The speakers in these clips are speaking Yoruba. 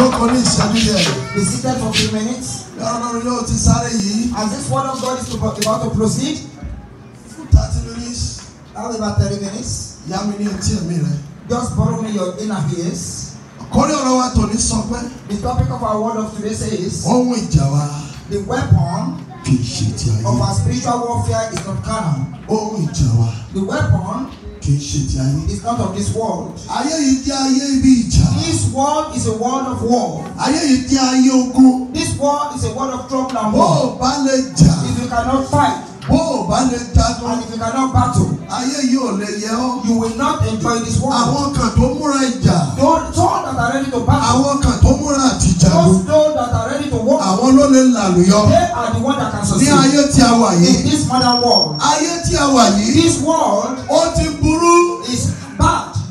Don't Jókòó ní ìṣẹ́jú We sit there for few minutes. Bí Ọlọ́run yóò ti sáré yìí. As this word of God is to, about to proceed. Fún thirty minutes. That was about thirty minutes. Yá mi ní etí ẹ̀mí rẹ. Just borrow me your inner ears. Àkórí ọ̀rọ̀ wa Tony sọ eh? The topic of our word of today says. Oh, ìjà wa. The weapon of our spiritual warfare is not carnal. Oh, ìjà wa. The weapon kì í ṣe ti ayé. It not of this world. Ayé yìí jẹ́ ayé ibi ìjà. This world is a world of war. Ayé yìí jẹ́ ayé ogun. This world is a world of trouble and war. Bó o bá lè jà. If you cannot fight. Bó o bá lè jagun. And if you cannot battle. Ayé yìí lè yẹ ọ́. You will not enjoy this world. Àwọn kan tó múra ìjà. Those that are ready to battle. Àwọn kan tó múra àtìjagun. Those that are ready to war. Àwọn ló lè làlùyọ. They are the one that can succeed. Ní ayé tí a wà yìí. In this modern world. Ayé tí a wà yìí. This world. Ó ti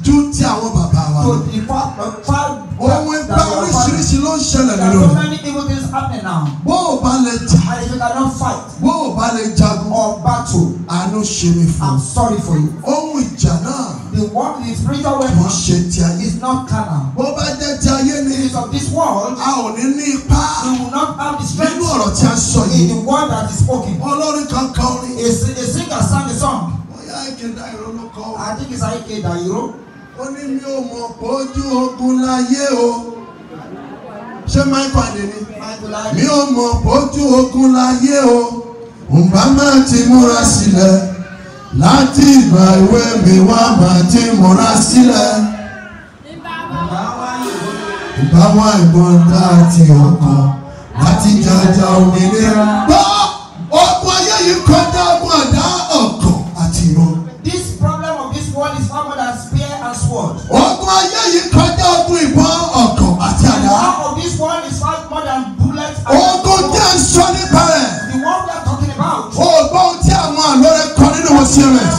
dún tí àwọn bàbá wa. to the fact of fact. ohun ẹgbẹ́ oríṣiríṣi ló ń ṣẹlẹ̀ nínú. there are so many evil things happening now. bó o bá lè jà. and if you cannot fight. bó o bá lè jagun. or battle. àánú ṣe mi fún. I'm sorry for you. ohun ìjà náà. the one the spiritual weapon. kì í ṣe ti ayé. is not carnal. bó bá jẹ́ ti ayé ni. it is of this world. a ò ní ní ipá. we will not have the strength. nínú ọ̀rọ̀ tí a sọ yìí. in the word that is spoken. olórin kan kan orin. a singer sang a song. bóyá ike dá ìró ló kọ. I think it's Ike Dairo ó ní mi ò mọ̀ pójú ogun láyé o ṣé michael adé ni mi ò mọ̀ pójú ogun láyé o ǹbá máa ti múra sílẹ̀ láti ìgbà ìwé mi wá máa ti múra sílẹ̀ ǹbá ìbọn dá àti ọkàn láti jàjà òmìnira. serious.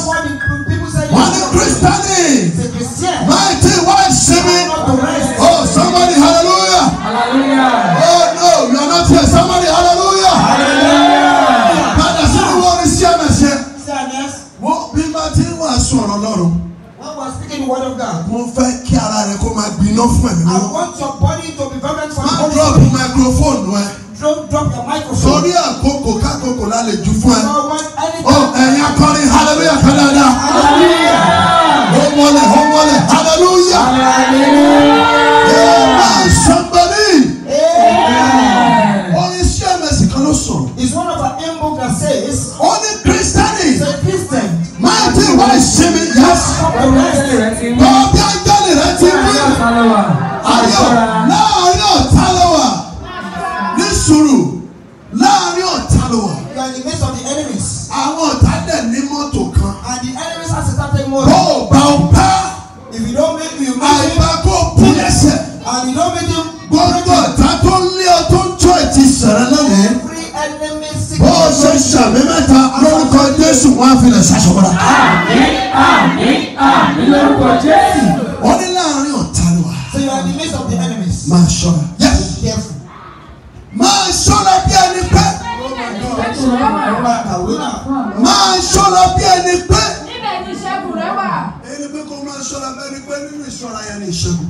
máa ṣọ́ra bí ẹni pé. níbẹ̀ ni ìṣẹ́gun rẹ wà. ẹni pé kó máa ṣọ́ra bí ẹni pé nínú ìṣọ́ra yẹn ni ìṣẹ́gun.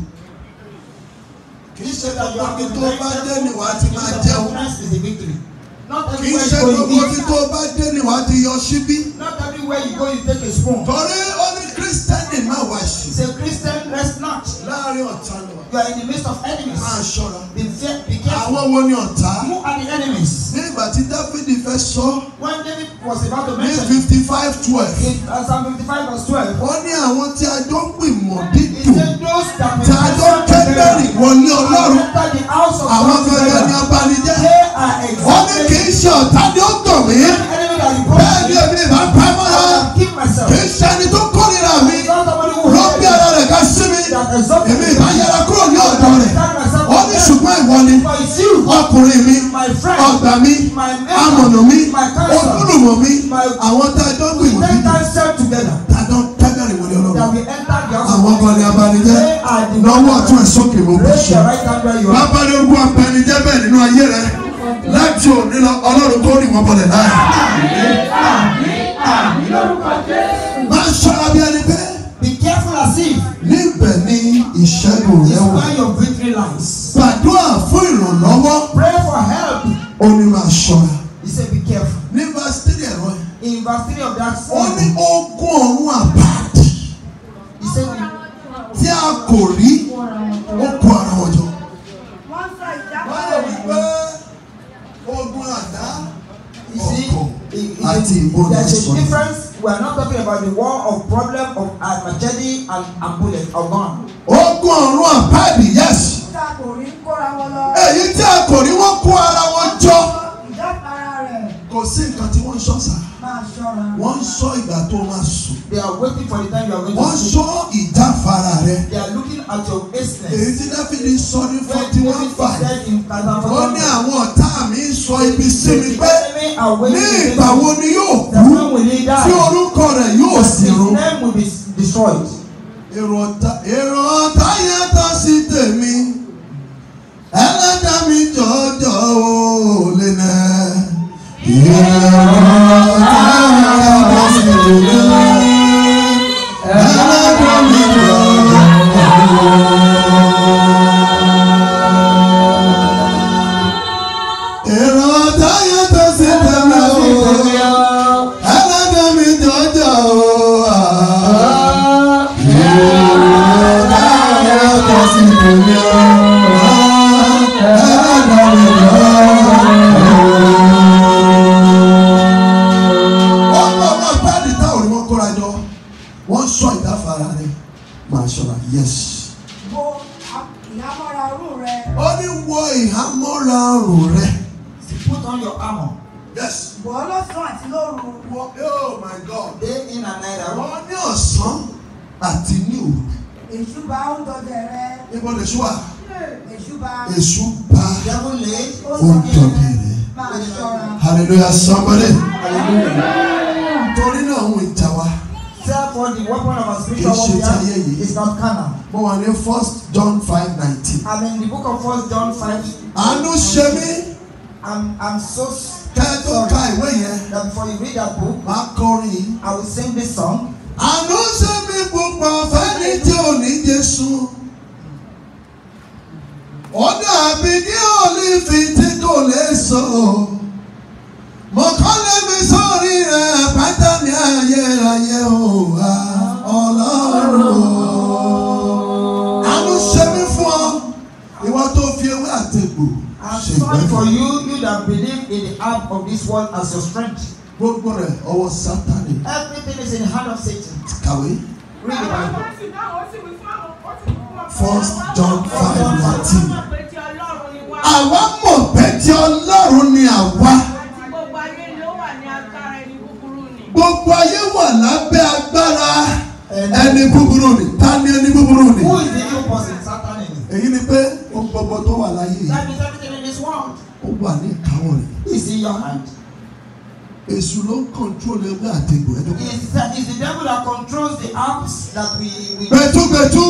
kì í ṣe gbogbo ibi tó bá dé ni wàá ti máa jẹun. kì í ṣe gbogbo ibi tó bá dé ni wàá ti yọ síbí. torí ó ní kírísítẹ́ aláwọ̀ ẹ̀sìn. say Christian rest not. láàrin ọ̀tá lọ. you are in the midst of enemies. máa ṣọ́ra. be careful. àwọn wo ni ọ̀tá. who are the enemies. ní ìgbà tí Dáfídì fẹ́ sọ. when David was about to mention. ní fifty five twelve. in uh, Psalm fifty five verse twelve. wọ́n ní àwọn tí a jọ ń gbìmọ̀ dídùn. tí a jọ ń kẹ́gbẹ́rì wọlé Ọlọ́run. àwọn gbẹgbẹ ni abanijẹ́. wọ́n ní kì í ṣe ọ̀tá ni ó tàn mí. bẹ́ẹ̀ ni èmi ìbá pamọ́ kì í ṣe ẹni tó kórìíra mi èmi ìbá yẹra kúrò ní ọ̀dọ̀ rẹ̀ ó ní ṣùgbọ́n ìwọ ni ọkùnrin mi ọgbà mi amọ̀nà mi olùmọ̀ mi àwọn tá a jọ ń gbìyànjú tá a jọ ń tẹ́gàrì wọlé ọlọ́run àwọn ọmọdé abanijẹ́ lọ́wọ́ ọ̀tún ẹ̀ sókè ló bẹ̀ ṣe bàbá ní ogún abanijẹ́ bẹ́ẹ̀ nínú ayé rẹ̀ láti òní lọ ọlọ́run tó rìn wọ́n bọ̀lẹ̀ láàyè. máa ń ṣọ́ra bí ẹni pé. be careful as if. Níbẹ̀ ni ìṣẹ́gun rẹ wà. It's where your victory lies. Gbàdúrà fún ìrànlọ́wọ́. Pray for help. Ó ní máa ṣọ́ra. He said be careful. Ní verse three ẹ̀rọ ẹ̀. In verse three of that same. Ó ní ogun ọ̀run àbáàdì. He said we. Tí a kò rí, ó kó ara wọn jọ. Wọ́n sọ ìjábọ̀ rẹ̀. Wọ́n lè wí pé ogun àdá ọkọ̀ àti ìbọn náà sọ̀rọ̀ we are not talking about the war of problem of machete and and bullet or gun. ogun ọ̀run àpáàdì yes. èyí tí a kò rí wọ́n kó ara sí nǹkan tí wọ́n ń sọ sá. wọ́n sọ ìgbà tó máa sùn. they are waiting for the time you are going to sleep. wọ́n sọ ìjáfara rẹ. they are looking at your business. èyí tí dáfídì sọ ní forty one five. ó ní àwọn ọ̀tá mi ń sọ ibi sí mi pé ní ìgbà wo ni yóò kú tí orúkọ rẹ̀ yóò sì rú. èrò ọ̀tá yẹn tó sí tèmi ẹlẹ́dàá mi jọ̀ọ́jọ́ ò lè nà. Oh níbo lè ṣú wa bá ó hallelujah somebody torí náà ń ìjà wa therefore the weapon of our not carnal. mo wà ní first john five nineteen. i'm in the book of first john five. àánú ṣe mí. i'm i'm ìwé yẹn. máa kọrin. àánú ṣe mí púpọ̀ fẹ́ni tí ò ní Jésù ó dàbí ní olífì tí kò lè so mo kọ́ lémi sórí rẹ̀ pátá mi ayérayé o wa ọlọ́run àánú ṣe mí fún ọ ìwọ tó fi ewé àtẹ̀gbò ṣe gbẹ́fọ́. for you you that believe in the help of this world as your strength. gbogbo rẹ̀ ọwọ́ sátani. everything is in the hand of Satan. kàwé. read the Bible first John five nineteen àwa mọ̀ pé ti Ọlọ́run ni àwa gbogbo ayé wà lábẹ́ agbára ẹni búburú ni ta ni ẹni búburú ni èyí ni pé o gbogbo tó wà láyé yìí ó wà ní ìkáwọ́ rẹ̀ èṣù ló ń control ẹgbẹ́ àtẹ̀gbọ̀ ẹ̀dọ́gbọ̀n. it's the devil that controls the apps that we. gbẹ̀túgbẹ̀tú.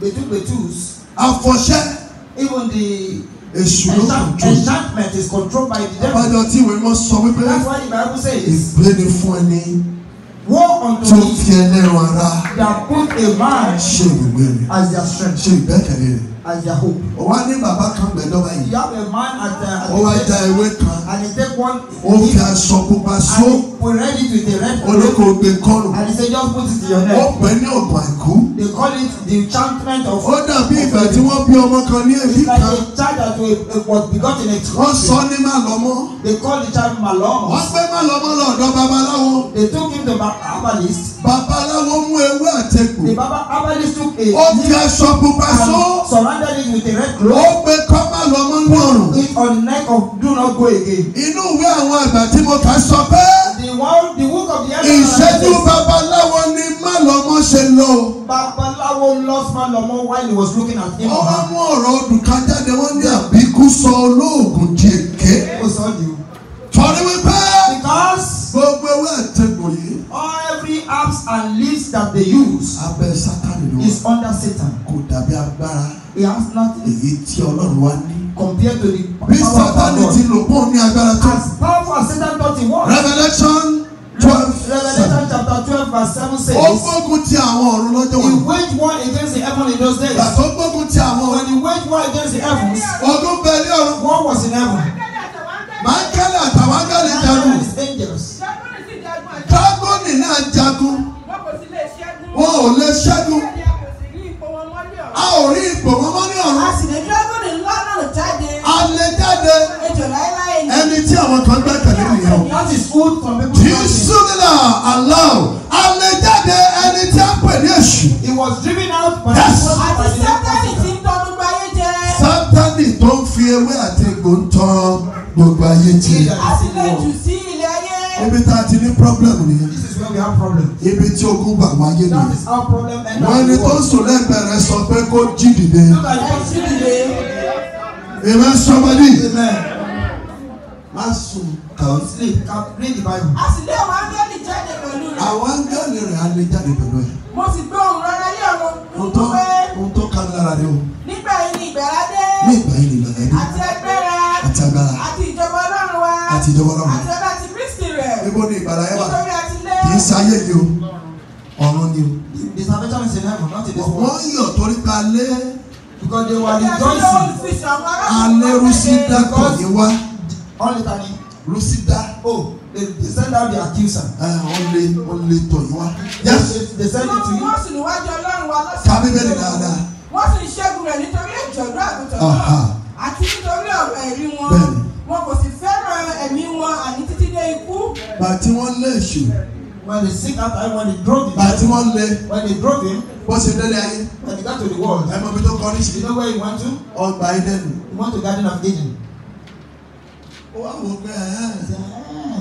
Betu-betus. Àfọ̀ṣẹ́. Even the èṣù ló control. enchantment is controlled by the devil. àbájọ tí ìwé mọ sọ wípé. that's why the bible says. ìgbé ni fún ẹni. war unto me. tó fi ẹlẹ́ran ara. they have put a man. ṣe ìwé rẹ̀. as their strength. ṣe ìgbẹ́kẹ̀lé rẹ̀ as their hope. Wọ́n ní bàbá kan gbẹ̀dọ́gba yìí. You have a man at the. Uh, Ó wá ja ewé kan. And he take one. Ó fi aṣọ pupa so. And he ready to the red. Olóko gbé kọ́rù. And he say just put it to your head. Ó pẹ́ ní ọ̀gbà ìkú. They call it the enchantment of. Ó dàbí ìgbà tí wọ́n bí ọmọ kan ní èyí kan. It's like a child that was uh, begotten in a tree. Wọ́n sọ ní Màlọ́mọ́. They call the child Màlọ́mọ́. Wọ́n gbé Màlọ́mọ́ lọ́dọ̀ babaláwo. They took him to herbalist. Babaláwo mú ewé àtẹkù. The baba herbalist took a. Ó fi aṣọ pupa so. Surround bounded it with a red cloth. ó pe kọ́ lọ mọ́ ní it on neck of do not go again. inú ìwé àwọn àgbà tí mo kà sọ pé. the one the work of the elder. ìṣẹ́jú babaláwo ni má lọ mọ́ ṣe lọ. babaláwo lost má lọ while he was looking at him. ọmọ mú ọ̀rọ̀ ọdún kan jáde wọ́n ní àbíkú sọ olóògùn di èké. ó sọ ọ́ di o. torí wípé. because. gbogbo ewé àtẹ̀gùn yìí. all apps and leaves that they use. abẹ́ sátani ló. is under Satan. kò dàbí agbára. he has nothing. èyí tí ọlọ́run wá ní. compared to the power of God. bí sátani ti lò pọ̀ ní agbára tó. as powerful as Satan thought he was. Revelation twelve. Revelation chapter twelve verse seven says. Ó ti àwọn ọ̀run lọ́jọ́ wọn. He waged war against the heaven in those days. Bàtọ́ gbógun ti àwọn. When he waged war against the heavens. Ogun bẹ̀rẹ̀ ọ̀run. War was in heaven. Mákẹ́lẹ̀ àtàwọn ángẹ́lì dànù. Mákẹ́lẹ̀ is dangerous. Sọ́ọ̀nì náà jagun. Wọn ò lè ṣẹ́gun. A ò rí ipò wọn mọ́ ní ọ̀run. A sì lè dúró ní lọ́nà jáde. A lè jáde. Ejò láéláé ni. Ẹni tí àwọn kan gbẹ́kẹ̀lé nìyẹn. That is good for people. Jésù nílà aláwọ̀. A lè jáde ẹni tí a pè ní èṣù. He was driven out by the first person. Àti Sátánì ti ń tọ́nu gbáyé jẹ. Sátánì tó ń fi ewé àti egbò ń tọ́ gbogbo ayé jẹ. A sì lè jù sí ibi tá a ti ní problem nìyẹn ibi tí ogún gbà wáyé nìyẹn wọ́n ẹni tó sùn lẹ́gbẹ̀ẹ́ sọ pé kó jí dìde amen somebody má sùn kàn sleep read the bible. a sì lé àwọn ángẹ́lì jáde pẹ̀lú rẹ̀. àwọn ángẹ́lì rẹ̀ á lè jáde pẹ̀lú ẹ̀. mo sì gbọ́ òun rárá ní àwọn they were rejoicing alẹ́ rusida kọ̀ yé wá. ọ̀lẹ́ ta ni. rusida. oh they, they send out their accuser. ọ̀lẹ́ only, only yé yes they send it to you. wọ́n sì níwájú ọlọ́run wa lọ́sọ̀rọ̀. tàbí bẹ́ẹ̀ ni dáadáa. wọ́n sì ń ṣẹ́gun rẹ̀ nítorí ìjọ̀dún àgùntàn náà àti nítorí ọ̀rọ̀ ẹ̀rí wọn. wọn kò sì fẹ́ràn ẹ̀mí wọn àní títí dé ikú. bàtí wọ́n lé èṣù when they seek after him when they drove him. bàtí wọ́n lé. when they drove him. bó ṣe délé ayé. when he got to the world. ẹ mọ ibi tó kọrí sí. you know where he went to. ọgbà Édẹ́nì. he went to garden of Eden. ó wà wọ pé ẹ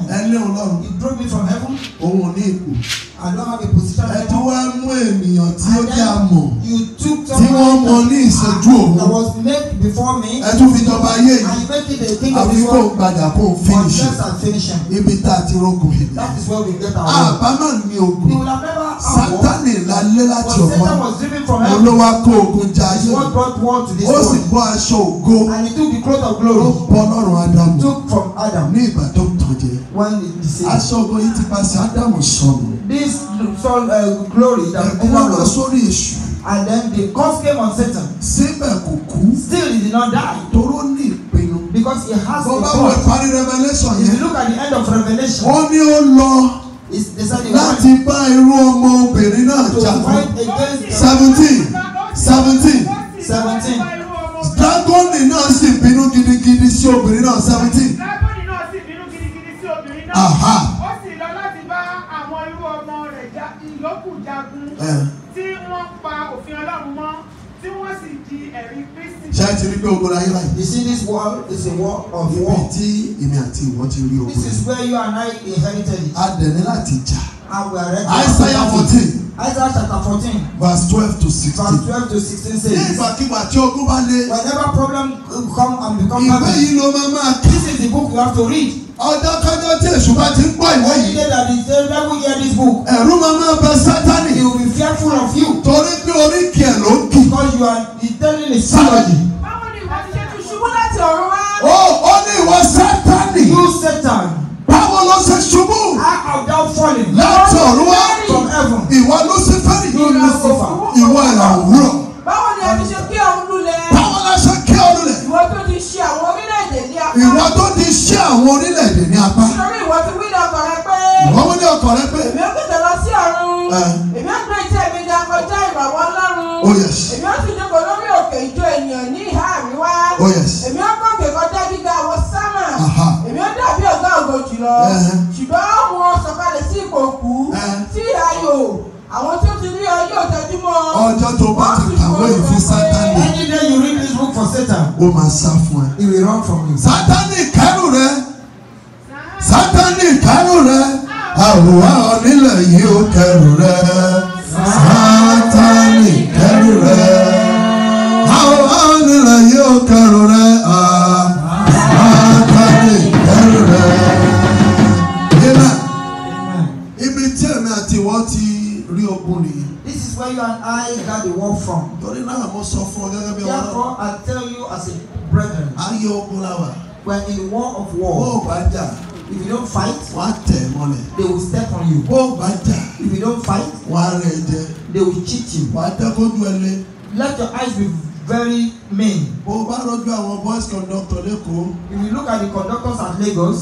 ẹ lé òun lọ́rùn. he drove me from heaven. òun ò ní ipò. I don't have a position. Ẹ tún wá mú ènìyàn tí ó jẹ́ àmọ̀. You took Tí wọ́n mọ ní ìṣẹ́jú òun. was made before me. Ẹ tún fi jọba ayé yìí. And you make the world. padà kò finish. But Ibi tá a ti rogun yìí. That is where we get our work. Ah, Àbámọ̀ ni ogun. You will have never had war. Sátánì la lé láti ọ̀run. But Satan was driven from heaven. Olúwa kó ogun ja ayé. God brought to this Ó sì bọ́ aṣọ ògo. And he took the cloth of glory. Ó bọ́ lọ́rùn Ádámù. Took from Adam. Ní ìbàdàn tàn jẹ. when it is said. aṣọ ògo yìí ti paṣẹ ádámù sọnù. this son uh, glory that we come from. ẹ̀kọ́ lọ sórí èṣù. and then the curse came on Satan. síbẹ̀ kò kú. still he did not die. toró ní ìpinnu. because he has Boba a cause. bọ́lá wẹ̀ parí revelation yẹn. if you look at the end of revelation. ó ní ó lọ láti bá irú ọmọ obìnrin náà jagun seventeen seventeen seventeen dragoni náà sì bínú gidigidi sí obìnrin náà seventeen ó sì lọ láti bá àwọn irú ọmọ rẹ̀ ìlókù jagun tí wọ́n pa òfin ọlọ́run mọ́ tí wọ́n sì di ẹ̀rí Kristi. ṣé ẹ ti rí pé ogun ayé láyé. you see this world is a world of war. ibi tí èmi àti ìwọ ti rí ogun. this is where you and I inherited it. a dẹ̀ ní láti jà. and we are ready. Isaiah fourteen. Isaiah chapter fourteen. verse twelve to sixteen. verse twelve to sixteen says. ní ìgbàkigbà tí ogun bá lé. whenever problem come and become bad. ìwé yìí ló máa máa this is the book you have to read. ọjọ́ kọjọ́ tí èṣù bá ti ń pọ̀ ìwé yìí. one day that the devil hear this book. ẹ̀rù máa máa bẹ sátani. he will be fearful of you. torí pé oríkì ẹ̀ ló ń kì. because you are telling the salary. báwo ni ìwọ ti ṣe tún ṣubú láti ọ̀run wá. ó ó ní ìwọ sátani. you satan. báwo ló ṣe ṣubú. how have thou fallen. láti ọ̀run wá heaven. Ìwọ Lúsífẹ́rì. Ìwọ Lúsífà. Ìwọ ìràwúrọ̀. Báwo ni a ti ṣe kí ọ̀run lulẹ̀? Báwo la ṣe kí ọ̀run lẹ̀? Ìwọ tó ti ṣe àwọn orílẹ̀-èdè ní apá. Ìwọ tó ti ṣe àwọn orílẹ̀-èdè ní apá. Nítorí ìwọ ti wí ní ọkọ̀ rẹ pé. Ìwọ wí ní ọkọ̀ rẹ pé. Èmi ó gbèsè lọ sí ọ̀run. Èmi ó gbé iṣẹ́ mi ga kọjá ìràwọ̀ Ọlọ́run. Oh yes. Èmi ó sì jókòó lórí òkè ìjọ ènìyàn ní ìhà àríwá. Oh yes. Èmi ó gòkè kọjá gíga àwọn sámà ènìyàn dàbí ọ̀gá ògo jùlọ ṣùgbọ́n wọ́n sọ̀kalẹ̀ sí ipò òkú sí ayọ̀ àwọn tó ti rí ọ yóò ọjọ́ tó bá ti kàwé ìfún sátani. any day you read this book for satan. ó máa sá fún ẹ. he will run from you. sátani kẹ́rù rẹ sátani kẹ́rù rẹ àwòrán onílẹ̀ yìí ó kẹ́rù rẹ sátani kẹ́rù rẹ. mo sọ fún ọ gẹ́gẹ́ bí ọmọ. therefore I tell you as a brethren. ayé ogun la wà. we in war of war. bó o bá jà. If you don't fight, wàá tẹ̀ mọ́lẹ̀. They will step on you. Bó o bá jà. If you don't fight, wàá rẹ̀ jẹ. They will cheat you. Wàá dẹ́kọ́jú ẹ lé. Let your eyes be very mean. Bó o bá rọ́jú àwọn boys conductor lẹ́kọ̀ọ́. If you look at the conductors at Lagos.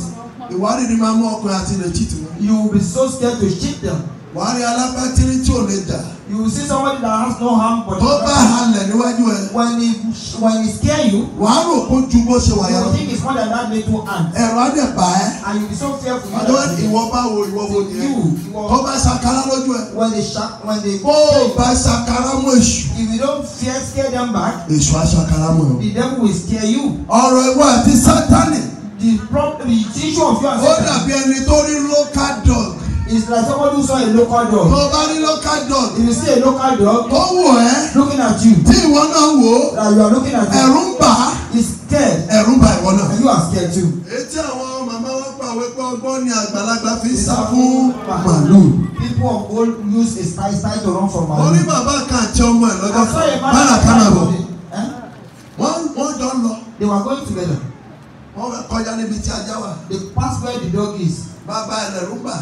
Ìwádìí ni máa mú ọkùnrin àti ilẹ̀ cheat wọn. You will be so scared to cheat them. Wàá rí alágbátírí tí ò lè jà you will see somebody that has no harm but. tó bá halẹ̀ níwájú ẹ. when he when he scare you. wàá rò kó ju bó ṣe wà yàrá. you think it's more than that little hand. ẹ̀rọ á dẹ̀ bá ẹ. and you be so fearful. àdó ìwọ bá wo ìwọ wo ni ẹ. tó bá ṣàkárá lójú ẹ. when they ṣak when they. bó o bá ṣàkárá mọ́ èṣù. if you don't fear scare them back. èṣù á ṣàkárá mọ́ ẹ. the devil will scare you. ọ̀rọ̀ ìwọ àti sátani. the problem the issue of your. ó dàbí ẹni tó rí local dog. It's like somebody who saw a local dog. Nobody local dog. If you see a local dog. Ó wò ẹ́. Looking at you. Tí ìwọ náà wò ó. That you are looking at you. Ẹ̀rù ń bà á. He's scared. Ẹ̀rù ń bà ìwọ náà. you are scared too. Etí àwọn màmá wa pàwé pé ọgbọ́n ni àgbàlagbà fi ń sá fún màlúù. People of old use a style style to run from màlúù. Orí bàbá kan àti ọmọ ẹ̀ lọ́jọ́ kan. Bára kan náà bọ̀. Eh? Wọ́n wọ́n jọ ń lọ. They were going together. Wọ́n kọjá níbi tí ajá wà. They passed where the dog is. Bàbá ẹlẹ́rú bà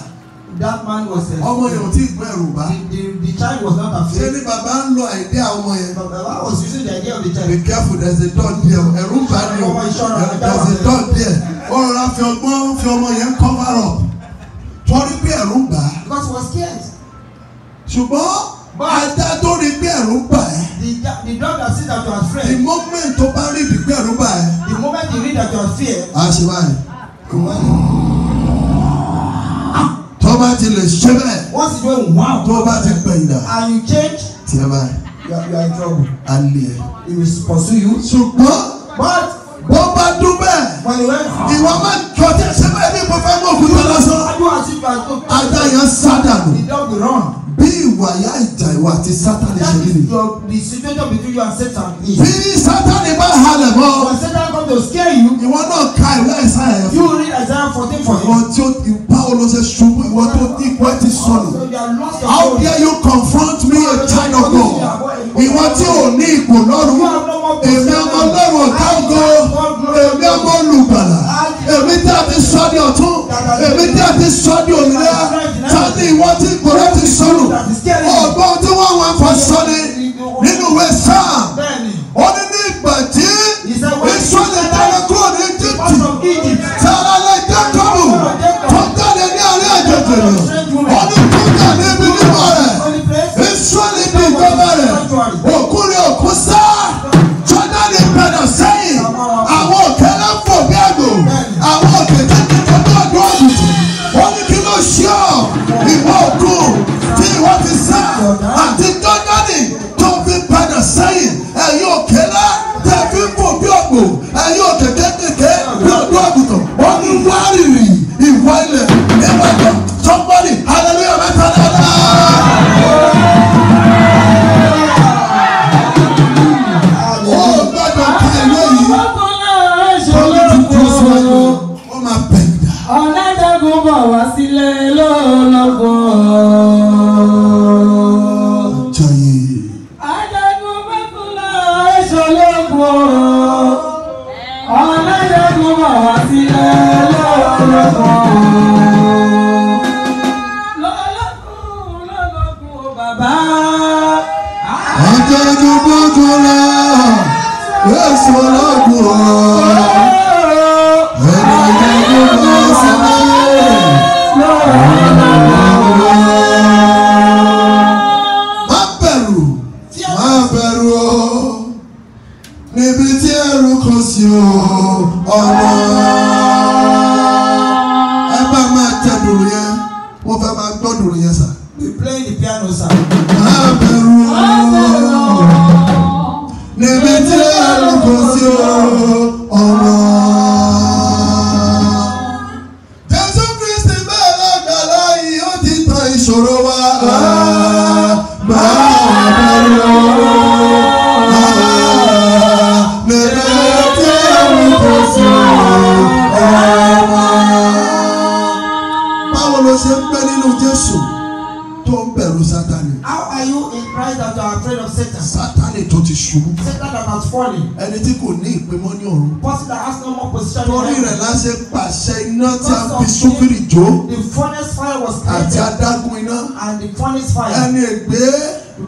that man was a. ọmọ yẹn ò tí ì gbọ́ bá. the the child was not afraid. ṣé ni bàbá ń lo idea ọmọ yẹn. bàbá was using the idea of the child. be careful there is a door there ẹ̀rù ń bá ní o there is a door there. you are in trouble. alẹ́. he will pursue you. ṣùgbọ́n but bó bá dún bẹ́ẹ̀. when you went home. ìwọ máa ń kọjá ṣé bẹ́ẹ̀ ni mo fẹ́ mọ̀ òkú tó lọ́sọ. ajá yẹn sádàlú. the dog will run. bí ìwà ya ìjà ìwà àti sátani ṣe kí ni. that is your the situation between you and satan. bí sátani bá halẹ̀ mọ́. when satan come to scare you. ìwọ náà ka ìwé ìsáyà yẹn. you read Isaiah fourteen for him. ìwọ tí ó ìpá olóṣèṣubú ìwọ tó ní ìpẹ́ ti sọnù. how dare you confront tí ò ní ipò lọ́rùn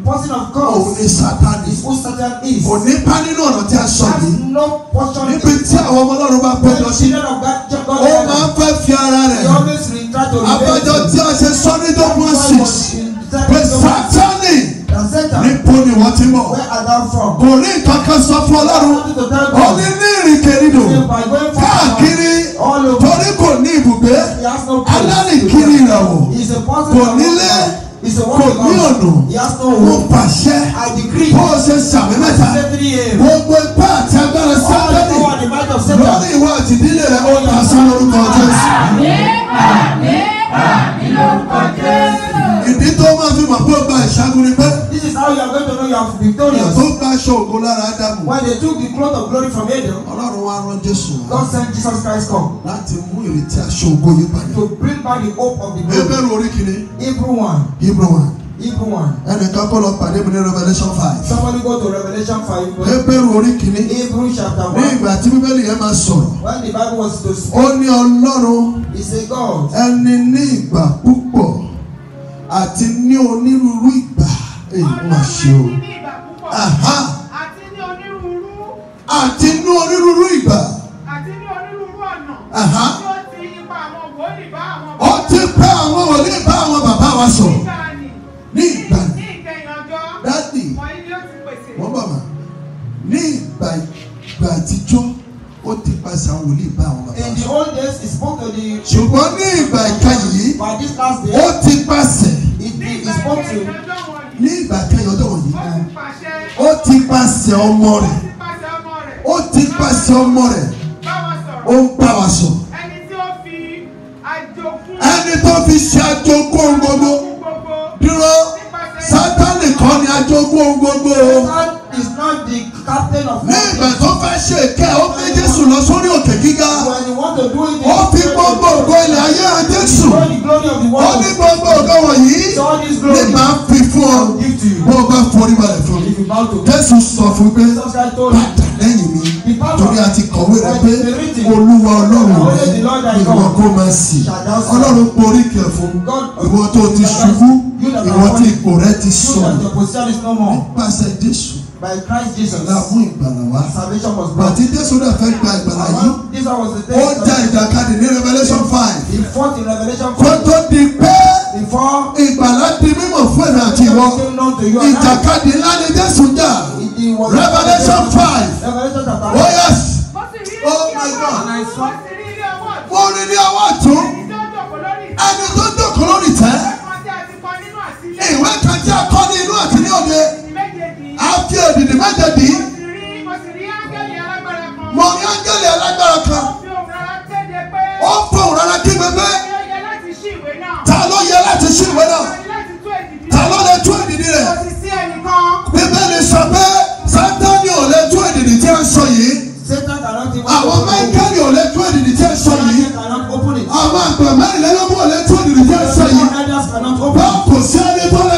person of God. Òun ni Sátani. Is who Satan is. Kò ní bá nínú ọ̀nà tí a sọ yìí. That's no portion. Níbi tí àwọn ọmọ Ọlọ́run bá péjọ sí. Ó máa ń fẹ́ fi ara rẹ̀. He always retry to rebel. Àbájọ tí a ṣe sọ ní Dókun six. Pé Sátani. Níbo ni wọ́n ti mọ̀? Kò ní nǹkan kan sọ fún Ọlọ́run. Ó ní ní. He has I decree. Bó o ṣe sàmì mẹ́ta. Gbogbo ipá àti agbára Sátani. Lórí ìwọ àti ìdílé rẹ̀ ó ta sí lórúkọ Jésù. Àmín àmín lórúkọ Jésù. Ìdí tó máa fi mọ̀ pé ó gba ìṣẹ́gun ni pé. This is how you are going to know you are victorious. Ìyàtọ̀ gba aṣọ ògo lára Ádámù. When they took the cloth of glory from Adam. Ọlọ́run wá rán Jésù. God sent Jesus Christ come. Láti mú ìrètí aṣọ ògo yìí padà. To bring back the hope of the glory. Ebéèrè orí kìíní. Hebrew one. Hebrew one evil one. ẹnìkan kọ́ lọ pàdé mi ní revelation five. somebody go to revelation five. Hébérù orí kìíní. Hebrew chapter one. ní ìgbà tí bíbélì yẹn máa sọ̀rọ̀. when the bible was to speak. ó ní ọlọ́run. he say God. ẹni ní ìgbà púpọ̀ àti ní onírúurú ìgbà èyí máa ṣe o. ó ti pàṣẹ ọmọ rẹ̀ ó ń bá wa sọ. ẹni tó fi ṣe àjogún ohun gbogbo dúró sátánì kan ni àjogún ohun gbogbo. ní ìgbà tó fẹ́ ṣe ìkẹ́ ó gbé Jésù lọ sórí òkè gíga ó fi gbogbo ògo ilẹ̀ ayé Jésù ó ní gbogbo ògo wọ̀nyí ní màá fi fún ọ bó o bá forí balẹ̀ fún mi jésù sọ fún pé bàtà lẹ́yìn mi torí a ti kọ̀wé rẹ pé olúwa ọlọ́run rẹ ìwọ kó máa sì ọlọ́run porí kẹ̀ fún ìwọ tó ti ṣubú ìwọ tí ipò rẹ ti sọ̀rọ̀ nípasẹ̀ jésù by Christ Jesus. la mú ìgbàlà wá. salvation was brought. àti Jésù náà fẹ́ gba ìgbàlà yìí. this one was the day. ó ja ìjàkadì ní Revelation five. he fought in Revelation five. kó tó di pé. before. ìgbàlà di mímọ̀ fún ẹ̀rọ àti ìwọ. ìjàkadì ńlá ni Jésù jà. Revelation five. oh yes. oh my God. mo rí ní ọwọ́ ọ̀tún. ẹni tó dọ̀kọ̀ lórí tẹ́. ìwé kan jẹ́ akọni inú àti ní òde fi èdìdì méje dì í. mo ní áńgẹ́lì alágbára kan. ó ń fọ̀hún rárá kí pépé. ta ló yẹ láti ṣí ìwé náà. ta ló lè tú èdìdì rẹ̀. bíbélì sọ pé sátani ò lè tú èdìdì tí a ń sọ yìí. àwọn máìkẹ́lì ò lè tú èdìdì tí a ń sọ yìí. àwọn àgbà mẹ́rìnlélógún ò lè tú èdìdì tí a ń sọ yìí. bá kò sí ẹni tó lè.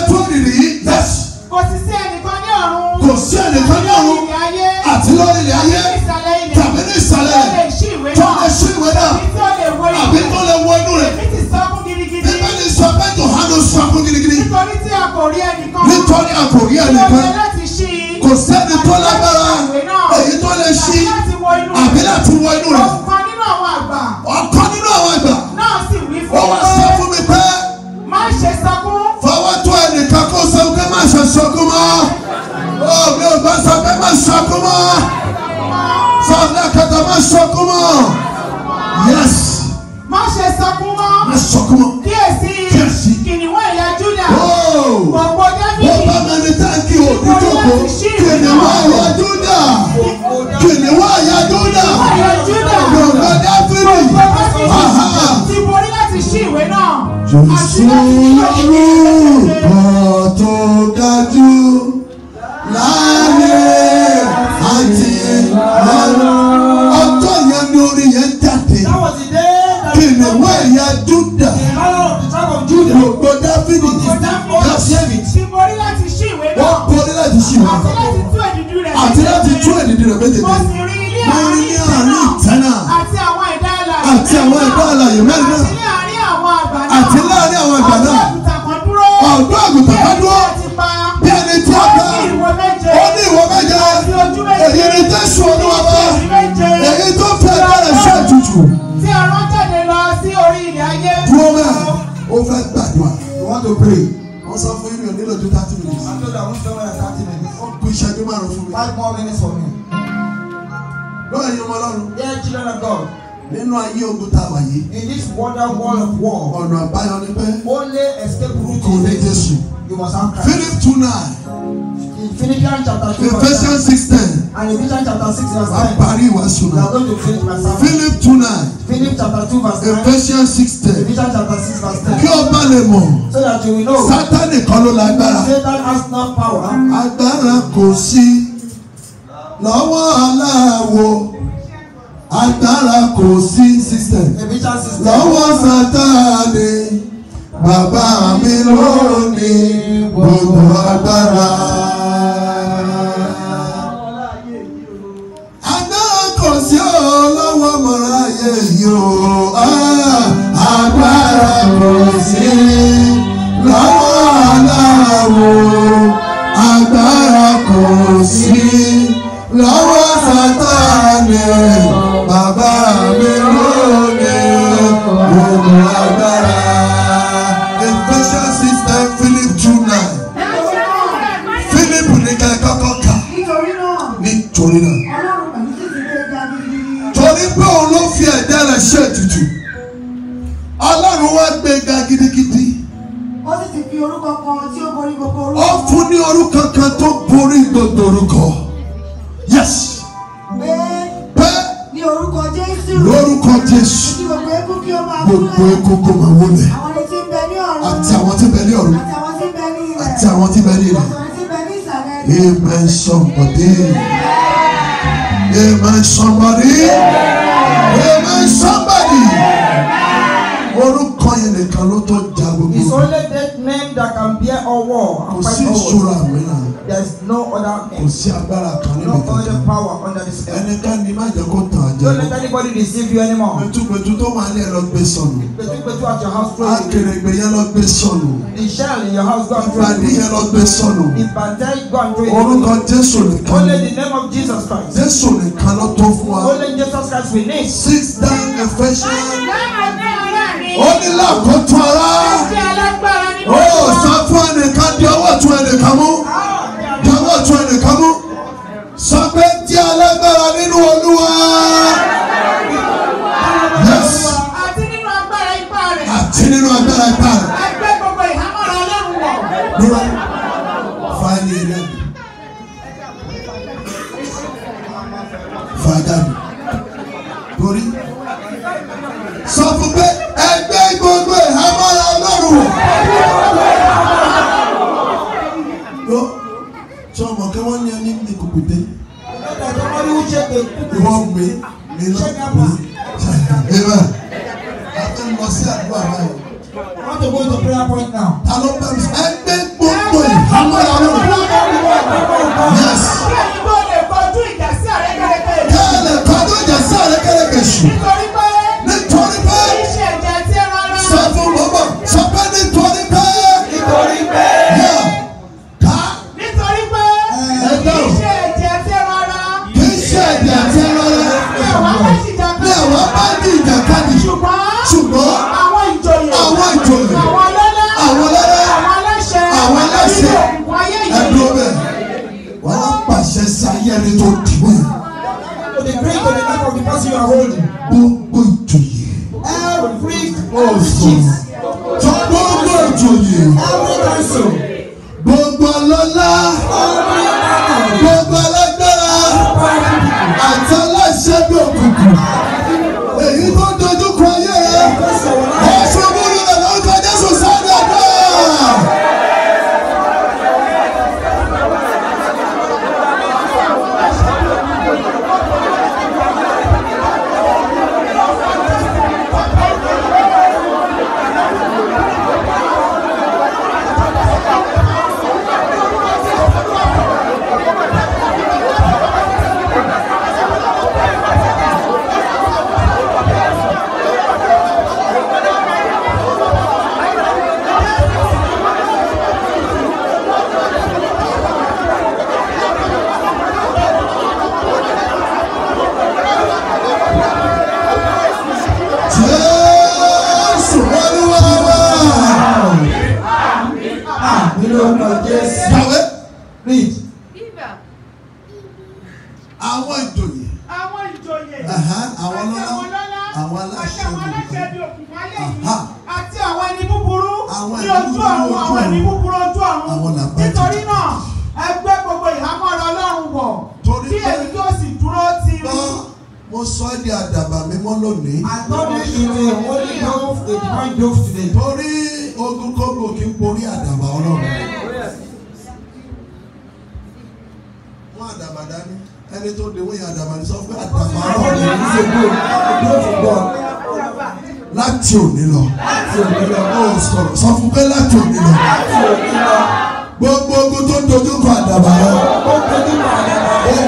inner wall ọ̀nà àbáyọ ni pé. kò ní Jésù. Philip two nine. in Philippians chapter two. Ephesians six ten. and Ephesians chapter six verse ten. Philip two nine. Ephesians six ten. kí o bá lè mọ̀. so that lágbára. agbára kò sí lọ́wọ́ aláwo agbára kò sí system lọ́wọ́ Sátánì bàbá mi ló ní gbogbo agbára. agbára kò sí o lọ́wọ́ mọ̀ra ayé yìí o ah, agbára kò sí lọ́wọ́ aláwo agbára kò sí lọ́wọ́ Sátánì. tó borí gbogbo orúkọ yes pé ní orúkọ Jésù lórúkọ Jésù gbogbo egungun máa wọlé àti àwọn tí ń bẹ ní ọ̀run àti àwọn tí ń bẹ ní ilẹ̀ amen somebody amen somebody amen somebody orúkọ yẹn nìkan ló tó ja gbogbo. it's only that name that can bear all war. kò sí ìṣúra mìíràn there is no other name. no other power under this earth. ẹnikẹ́ni má jẹ́ kó tàn jẹ́. don't let anybody deceive you anymore. pẹtupẹtu tó wà ní ẹ gbé sọnù. pẹtupẹtu at your house close. akèrègbè yẹn gbé sọnù. the shell in your house gone and throw it. gbé sọnù. ìpàdé go and throw orúkọ jésù nìkan. only the name of Jesus Christ. jésù nìkan ló tó fún wa. only Jesus Christ we need. six down Ephesians. ó ní làkótó ara. ó sọ fún ẹnìkan di ọwọ́ tún ẹnìkan mú tún ẹnìkan mú sọ pé tí alágbára nínú olúwa. ìwọ gbé mi lọ gbé amen a ti lọ sí àdúrà báyìí. I want to go to prayer point now. ta ló bẹ̀rù ẹgbẹ́. person you are holding. gbogbo ìjòyè. every every chief. gbogbo ìjòyè. every láti òní lọ ó sọ̀rọ̀ sọ fún pé láti òní lọ gbogbo ogun tó ń dojú kọ àdàbà lọ ó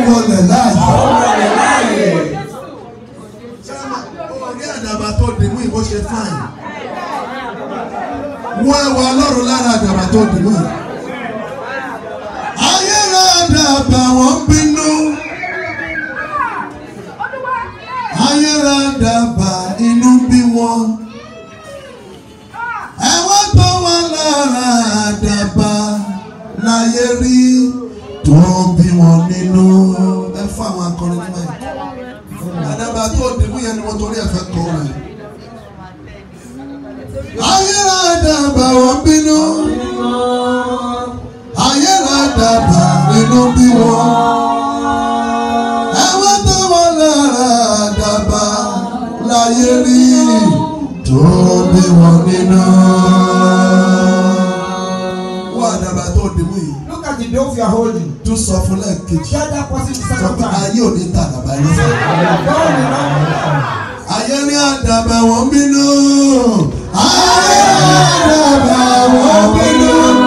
wọlé láàyè orí àdàbà tó dì mú ìbò ṣe fáìn wọ́n ẹwà ọlọ́run lára àdàbà tó dì mú ayé ra àdàbà wọ́n bínú ayé ra àdàbà wọn. Ẹ̀wọ́n tó wọn lára àdàbà láyé rí tó bí wọn nínú. Ẹ fún àwọn akọrin ní báyìí. Àdàbà tó dìbò yẹn ni wọ́n torí ẹ̀fẹ́ kọ́ rẹ̀. Ayé àdàbà wọ́n bínú. Ayé àdàbà nínú bí wọn. tó bí wọn nínú. wọ́n àdàbà tó dìbò yìí. look at the dove you are holding. tún sọ fún lẹ́ẹ̀kejì. tell that person the second time. ayé ò ní ta àdàbà yìí sọ. ayé ní àdàbà wọn bínú. ayé àdàbà wọn bínú.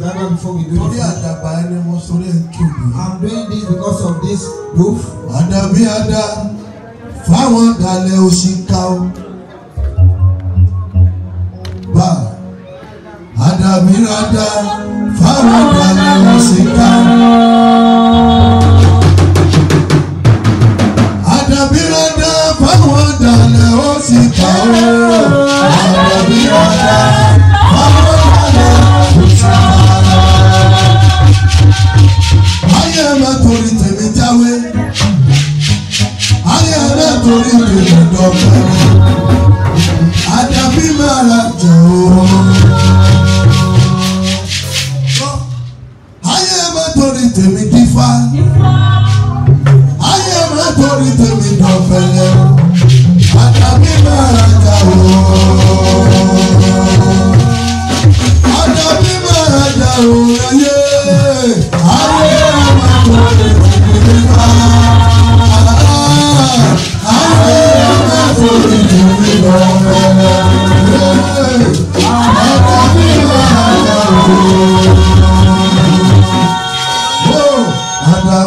before we do this. torí àdàbà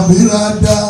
àbíràdá.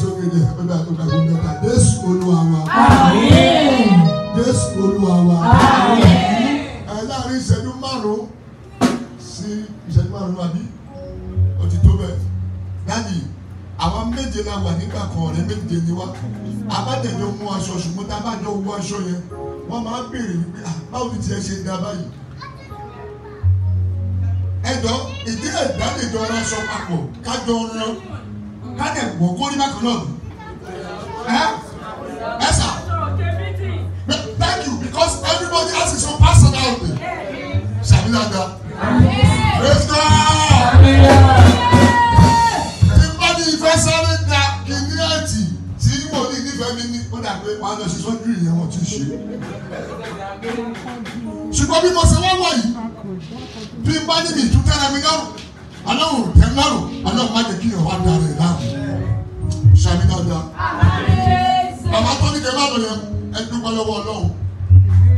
sókè jẹ ọdún àtúntà kò mẹ́ta Jésù Olúwa wa Jésù Olúwa wa ẹ láàrin ìṣẹ́jú márùn-ún sí ìṣẹ́jú márùn-ún àbí ó ti tó bẹ́ẹ̀ dáàdì àwa méje la wà nígbà kan ọ̀rẹ́ méje ni wa abájẹjọ mú aṣọ ṣùgbọ́n tá a bá jọ wọ aṣọ yẹn wọ́n máa ń béèrè wípé báwo ni tiẹ̀ ṣe da báyìí ẹ̀dọ́ ìdí ẹ̀dá lè jọ ra aṣọ papọ̀ kájọ ran kádẹ wọ kó ní bákan náà ẹ ẹ sà thank you because everybody has his own personality sàbí dada praise God tí bá ní ìfẹ́ sáré da kìíní ẹ̀tì tí mo ní nífẹ̀ẹ́ mi ní ó dàgbé wọn lọ sí sọ́jú ìyẹn wọn ti ṣe ṣùgbọ́n bí mo ṣe wọ́n wọ̀nyí bí bá níbi ìtútẹ́rẹ́ mi náà ọlọ́run tẹ́ lọ́rùn ọlọ́run má jẹ́ kí ìyàwó adarí láàbù sàmì dáadáa. bàbá tó ní kẹ́lá lọ yẹ ẹdúgbọ́ lọ́wọ́ ọlọ́run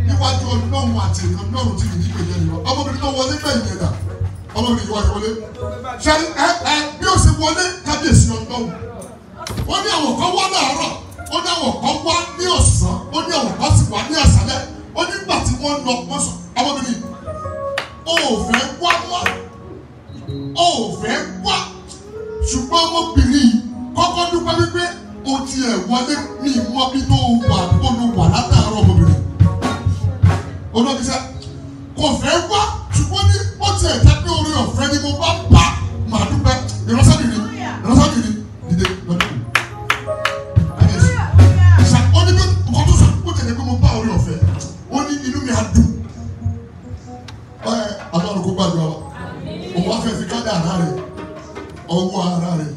níwájú ọlọ́run àti èèyàn ọlọ́run tí kìí gbèjẹ nìyọ ọmọbìnrin tó wọlé bẹ́ẹ̀ yẹn dà ọmọbìnrin yìí wá wọlé sẹ́ni ẹ ẹ bí ó ṣe wọlé kábíyèsí ọlọ́run ó ní àwọn kan wá láàárọ̀ ó ní àwọn kan wá ní ọ̀sán ó ní àwọn kan sì wá ní àṣálẹ́ ó nígbà tí wọ́n lọ wọ́n sọ ọmọbìnrin òòfẹ́ wá mọ́ ó ò fẹ́ wá ṣùgbọ́n ọmọbìnrin kọ́kọ́ dúpẹ́ wípé o tiẹ̀ wọlé mi mọ́ bí tó wà tó ló wà látàárọ̀ ọmọbìnrin olóbi sẹ́ kò fẹ́ wá ṣùgbọ́n ní ó tiẹ̀ jẹ́ pé orí ọ̀fẹ́ ni mo bá bá màdúpẹ́ ìránṣẹ́ kiri ìránṣẹ́ kiri. ọwọ́ ara rẹ̀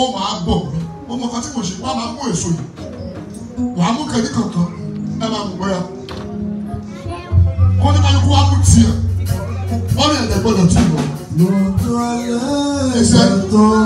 ó máa bọ̀ mí ó mọ̀ kan mo ṣe wá máa mú èso yìí wàá mú kẹ́lí kankan ẹ máa mú bóyá kó ní kálukú wá mú tiẹ̀ wọ́n ní ẹ̀dẹ̀ gbọ́dọ̀ tún lọ. lọ́kọ̀ọ́lẹ́ ìṣẹ́ tó.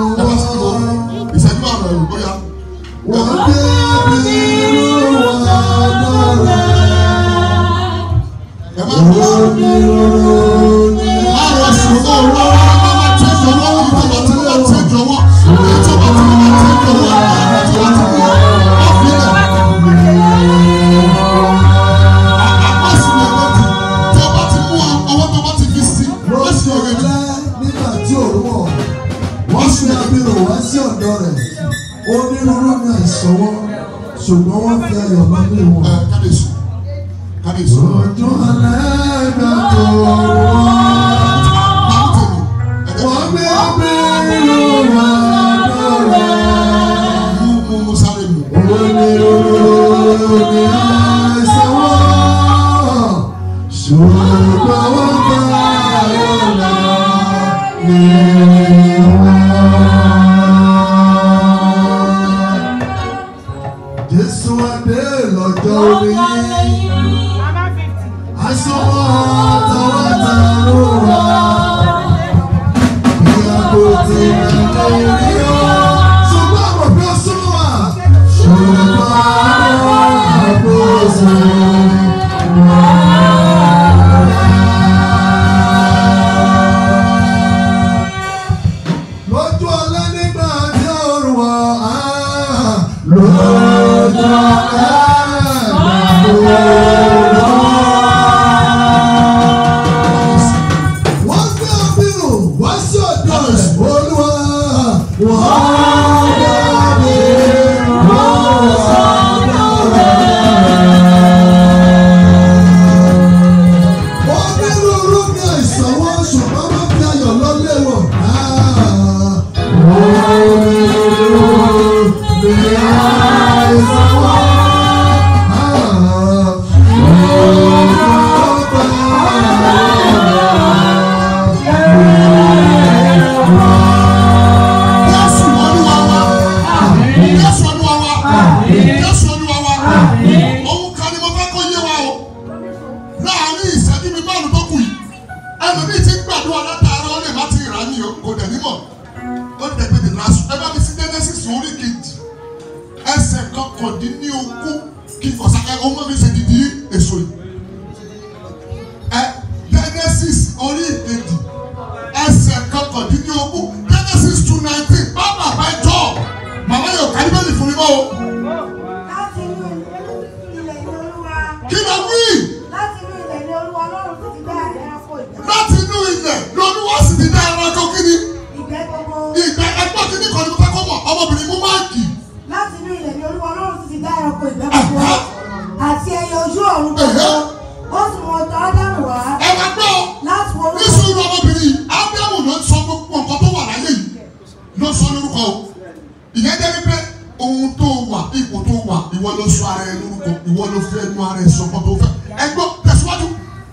ìwọ ló sọ ara ẹ lórúkọ ìwọ ló fẹ́ nu ara ẹ sọpọ tó fẹ́ ẹ gbọ́ tẹ̀síwájú.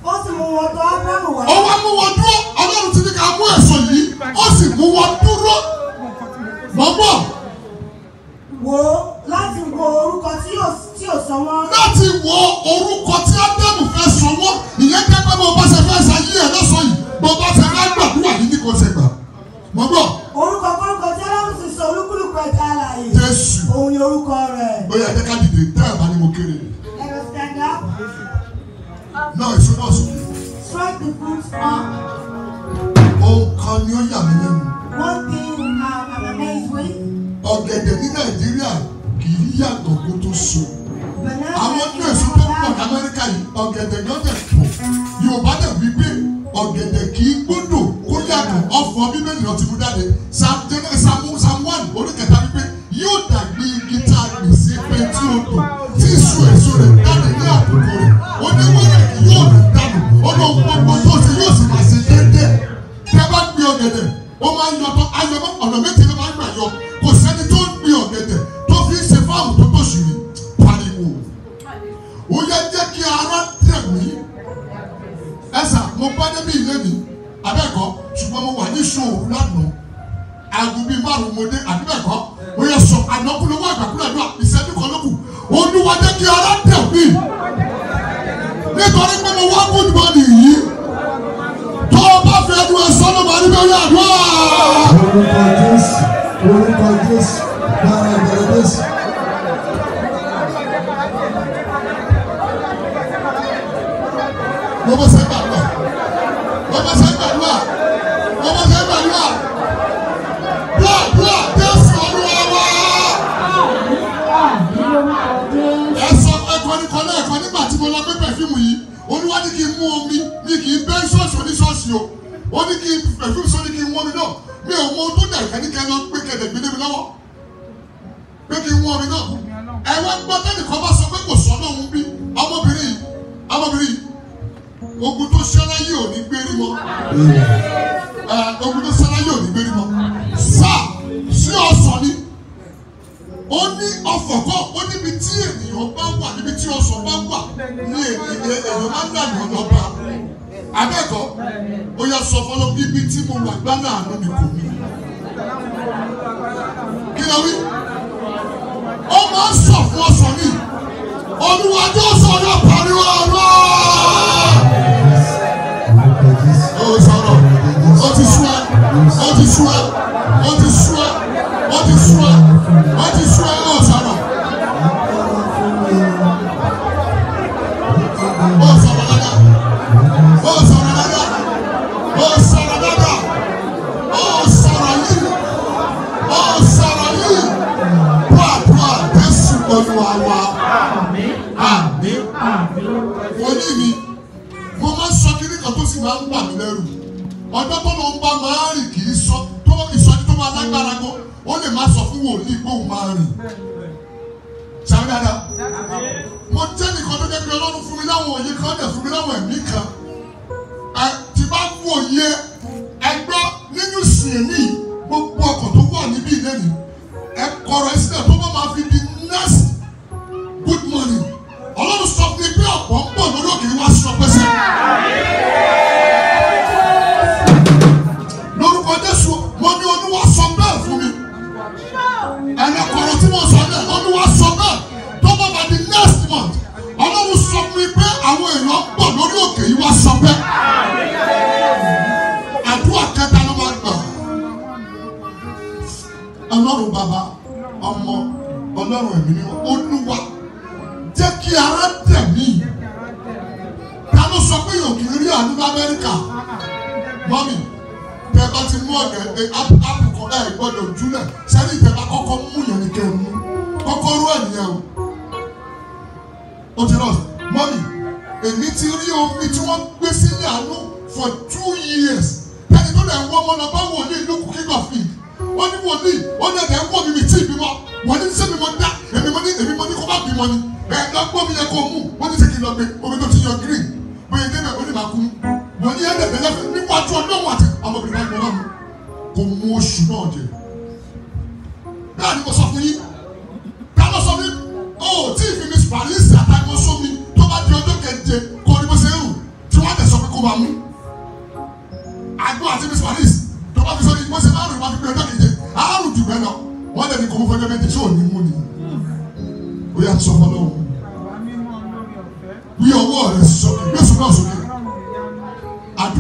ó sì mú wọn tó Ábúráhámù wá. ó wá mú wọn dúró Ọlọ́run ti ní ká mú ẹ̀sọ́ yìí ó sì mú wọn dúró. mọ̀gbọ́. wo láti wo orúkọ tí yóò sọ wọn. láti wo orúkọ. wọ́n bá sẹ́ gbàdúrà wọ́n bá sẹ́ gbàdúrà wọ́n bá sẹ́ gbàdúrà búra búra Jésù Olúwa wá. ẹ sọ ẹ̀kọ́ ní kọ́lá ẹ̀kọ́ nígbà tí mo lọ gbé pẹ̀fíìmù yìí Olúwa ní kí n mú omi ní kí n bẹ́ ṣọ́ọ̀ṣì oníṣọ́ọ̀ṣì o ó ní kí n pẹ̀fíìmù sọ ní kí n wọ́n mi náà mi ò mọ ohun tó dà ìkànnì kẹ́ lọ pé kẹ̀dẹ̀ gbé débi lọ́wọ́ pé kí n wọ́n mi náà ẹ wá gbọ́ tẹ́nìkan bá sọ pé kò ogun tó ṣẹlẹ̀ yìí ò ní gbérí mọ́ ah, ogun tó ṣẹlẹ̀ yìí ò ní gbérí mọ́ sáà sí ọ̀sán ni ó ní ọ̀fọ̀ kọ́ ó níbi tí ènìyàn bá wà níbi tí ọ̀sán bá wà ní ènìyàn máa ń dàgbà lọ́ba abẹ́kọ̀ ó yá sọ fọlọ́ ibi tí mo wà gbá náà ló ní kò mí kí ló wí ó máa ń sọ fún ọ̀sán ni olùwàjọ́ sọ̀rọ̀ pariwo ọ̀rọ̀. ó sọ̀rọ̀ dáadáa ó sọ̀rọ̀ dáadáa ó sọ̀rọ̀ yìí ó sọ̀rọ̀ yìí wa àmín mo ní mi mo máa ń sọ kiri kan tó sì máa ń bà mí lẹ́rù ọjọ́ tó lọ ń bá máa rìn kì í sọ tó ìsọjí tó máa lágbára gan mo jẹ́ nìkan tó jẹ́ pé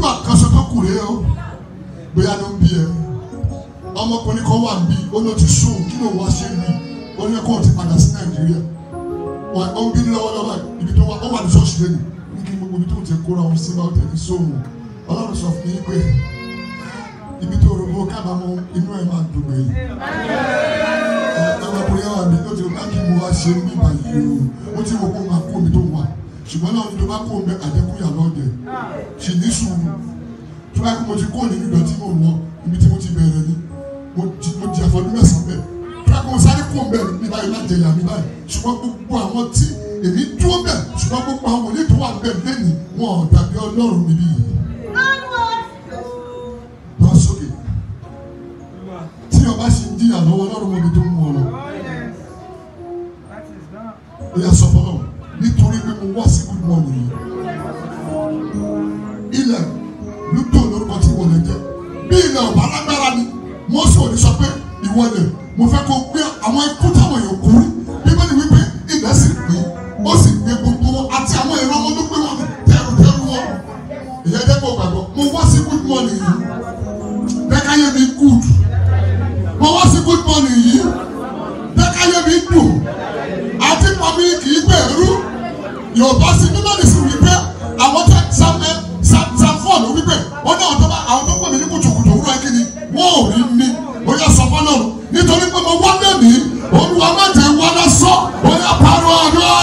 mà kan sọ pé kùrẹ́ o bóyá ló ń bí ẹ ọmọkùnrin kan wà níbí ó ló ti sùn kí ló wá ṣe níbí ó ní kó ti padà sí nàìjíríà ó ń bí lọ́wọ́lọ́wọ́ ibi tó wà ó wà ní ṣọ́ọ̀ṣì lẹ́nu ní kí gbogbo ibi tó ti kóra wọn sí máa tẹ̀lé sóhun ọlọ́run sọ fún mi pé ibi tó rògbò kábàámọ̀ inú ẹ̀ máa dùn mí ọmọkùnrin wà níbí ó ti rògbò kí mo wá ṣe níbí báyìí o ó ti rògbò máa kó mi tó wọ ṣùgbọ́n náà ní tó bá kó mẹ́ àjẹkúyà lọ́dẹ ṣì ní sùúrù tó bá kó mo ti kó nínú ìdọ̀tí mò ń lọ ibi tí mo ti bẹ̀rẹ̀ ni mo ti àfọ̀dún mẹ́sàn-án bẹ̀ tó bá kó mo sáré kó mẹ́ mi báyìí láti ẹ̀yà mi báyìí ṣùgbọ́n gbogbo àwọn tí èmi dúró bẹ̀ ṣùgbọ́n gbogbo àwọn òní tó wà bẹ̀ lẹ́nu wọn ò dàbí ọlọ́run mi bí yìí. lọ sókè tí ọba ṣe ń jìyà lọ́wọ́ ọlọ́run mọ́bi tó ń mú ọ lọ. Oh, ó yà sọ fọlọ́run wá sí good morning ilẹ̀ lúdò lórúkọ tí wọ́n lè jẹ́ bí ilẹ̀ ọ̀bá lágbára ni mọ́sí òní sọ pé ìwọ lè mo fẹ́ kó gbé àwọn ikú táwọn èèyàn kú rí bíbélì wípé ilẹ̀ sì pé ó sì gbé gbogbo wọn àti àwọn èrò ọmọ tó gbé wọn tẹrù tẹrù wọn ìyẹn jẹ́ kó gbàgbọ́ mo wá sí good morning yìí bẹ́káyé mi good mo wá sí good morning yìí bẹ́káyé mi dùn àti pọ̀ mi kì í gbèrú yorùbá sí nínú àdìsí wípé àwọn tẹ samẹ eh, samfọọdù wípé wọn náà tó bá àwọn tó pè mí ní kùtùkùtù òwúrọ̀ kí ni wọn ò rí mi oyè sọfọ náà lò nítorí pé mo wá lẹ́mí olúwa má jẹ́ wá lọ́sọ́ oyè pariwo àdúrà.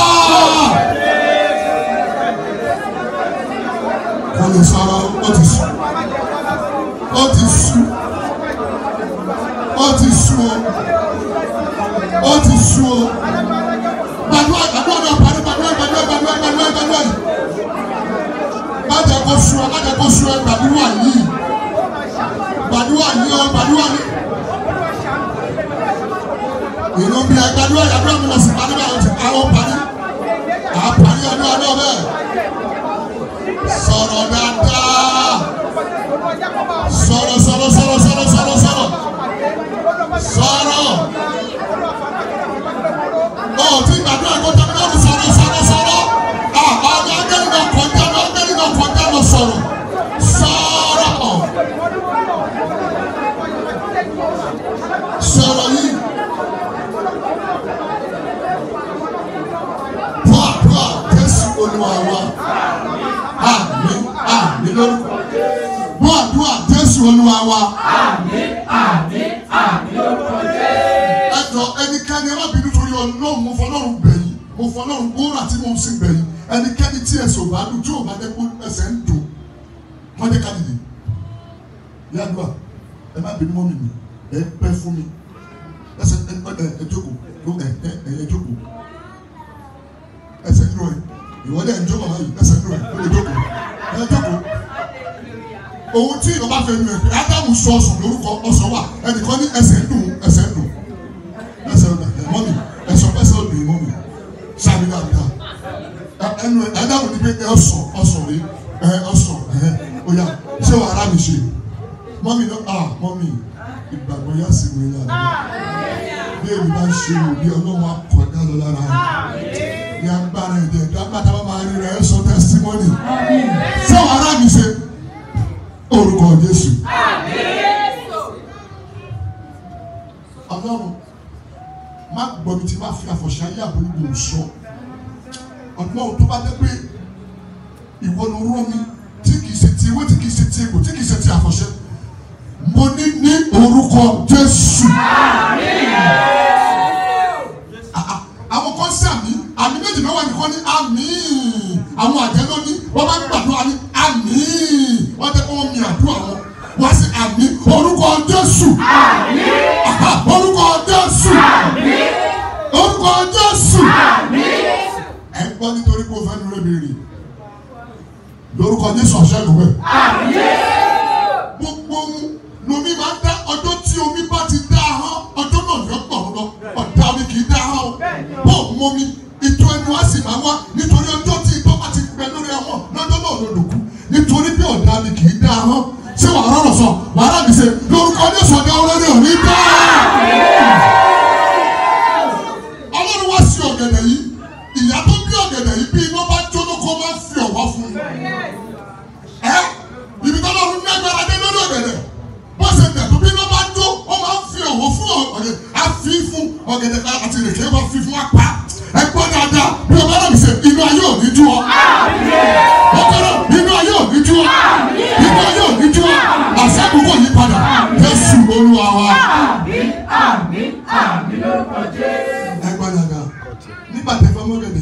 kò lè sọ̀rọ̀ ó ti sùn ó ti sùn ó ti sùn ó ti sùn kó sú ẹ kó sú ẹ gbàdúrà yìí gbàdúrà yìí ọ gbàdúrà yìí. ìrún bíi àgbàdúrà yàtọ̀ mi lọ sí gbàdúrà yìí àwọn parí àparí ọdún ọdún ọbẹ̀ sọ̀rọ̀ dáadáa sọ̀rọ̀ sọ̀rọ̀ sọ̀rọ̀ sọ̀rọ̀. jésù olúwa wa. àmín àmín àmín lórúkọ jésù. ẹjọ ẹnikẹ́ni ẹ má bínú torí ọlọ́run mo fọlọ́run bẹ̀yìn mo fọlọ́run gbóòrà tí mo ń bẹ̀yìn ẹnikẹ́ni tí ẹ̀sùn bá dùn tí ò bá dẹ́kun ẹsẹ̀ ń dùn wọ́n jẹ́ ká nìyí. ẹ má bínú mọ́ mi ni ẹ pẹ́ fún mi. òun tí ìlú bá fẹ́ nu ẹ̀pẹ́ ádámù sọ ọ̀sán lórúkọ ọ̀sán wà ẹnìkan ní ẹsẹ̀ ń dùn ẹsẹ̀ ń dùn ẹsẹ̀ ń dùn mọ́mì ẹ̀sọ́ ẹsẹ̀ ń dùn mọ́mì sáré dáadáa ẹnu ádámù ní pé ọ̀sán ọ̀sán rí ọ̀sán ọ̀yà ṣé wàá rà mí ṣe mọ́mì náà ah mọ́mì ìgbàgbọ́ yá sí mi lára bí èmi bá ń ṣe òbí ọlọ́wọ́ akọ̀dá lọ lára rẹ̀ ní agbára ẹ̀jẹ̀ dábàtà bá máa rí rẹ̀ ẹ̀ sọ tẹ́sítímọ́nì ṣé wàá rà mí ṣe orúkọ Jésù. Ọlọ́run má gbọ́ mi tí má fi àfọ̀ṣá yé àbúrò sọ ọgbọ́n tó bá dé pé ìwọ ló rán mi tí kìí ṣe ti ewé tí kìí ṣe ti egbò tí kìí ṣe ti àfọ̀ṣẹ mo ní ní orúkọ Jésù. àwọn kan sí àmì àmì méjì mẹ́wàá nìkan ní àmì àwọn àjẹ́ ló ní wọ́n bá gbàdúrà ní àmì wọ́n tẹ́ àdúrà wọn wá sí àmì orúkọ Jésù àmì orúkọ Jésù àmì orúkọ Jésù àmì ẹ gbọ́ nítorí pé o fẹ́ lórí mi rìn lórúkọ Jésù ọ̀ṣẹ́ ìlú rẹ̀ àmì gbogbo ohun lomi máa ń dá ọjọ́ tí omi bá ti dá a hán ọjọ́ náà yọ pọ̀ lọ ọ̀dà omi kì í dá a hán o bó ìtọ́ ẹnu á sì máa wá nítorí ọjọ́ tí ìtọ́ bá ti gbẹ lórí ọmọ lọ́jọ́ náà ló lòkù nítorí pé ọ̀dà mi kì í dá a hàn ṣé wàá rọrùn sọ wàá rábì ṣe lórúkọ ní ìṣọ̀dá olórí òní dá. ọlọ́run wá sí ọ̀gẹ̀dẹ̀ yìí ìyá tó bí ọ̀gẹ̀dẹ̀ yìí bí iná bá jóná kó máa fi ọ̀wá fún un. ẹ ibi tó lọ́run ní agbára dé lórí ọ̀gẹ̀dẹ̀ bó ṣe tẹ̀ tó bí iná bá jó ó máa ń fi ọ̀wọ́ fún ọ̀gẹ̀dẹ̀ á fi fún ọ̀gẹ̀dẹ̀ àti ìrèké wá fi fún apá ẹ gbọ́ dáadáa bí o bá rà mí sè inú ayé ò ní dùn ọ́. ọkọ̀rọ̀ inú ayé ò ní dùn ọ́. inú ayé ò ní dùn ọ́. àṣà àkókò yí padà Jésù Olúwa wa. ẹ gbọ́ nígbà tẹ fọmọ́gẹ̀dẹ̀.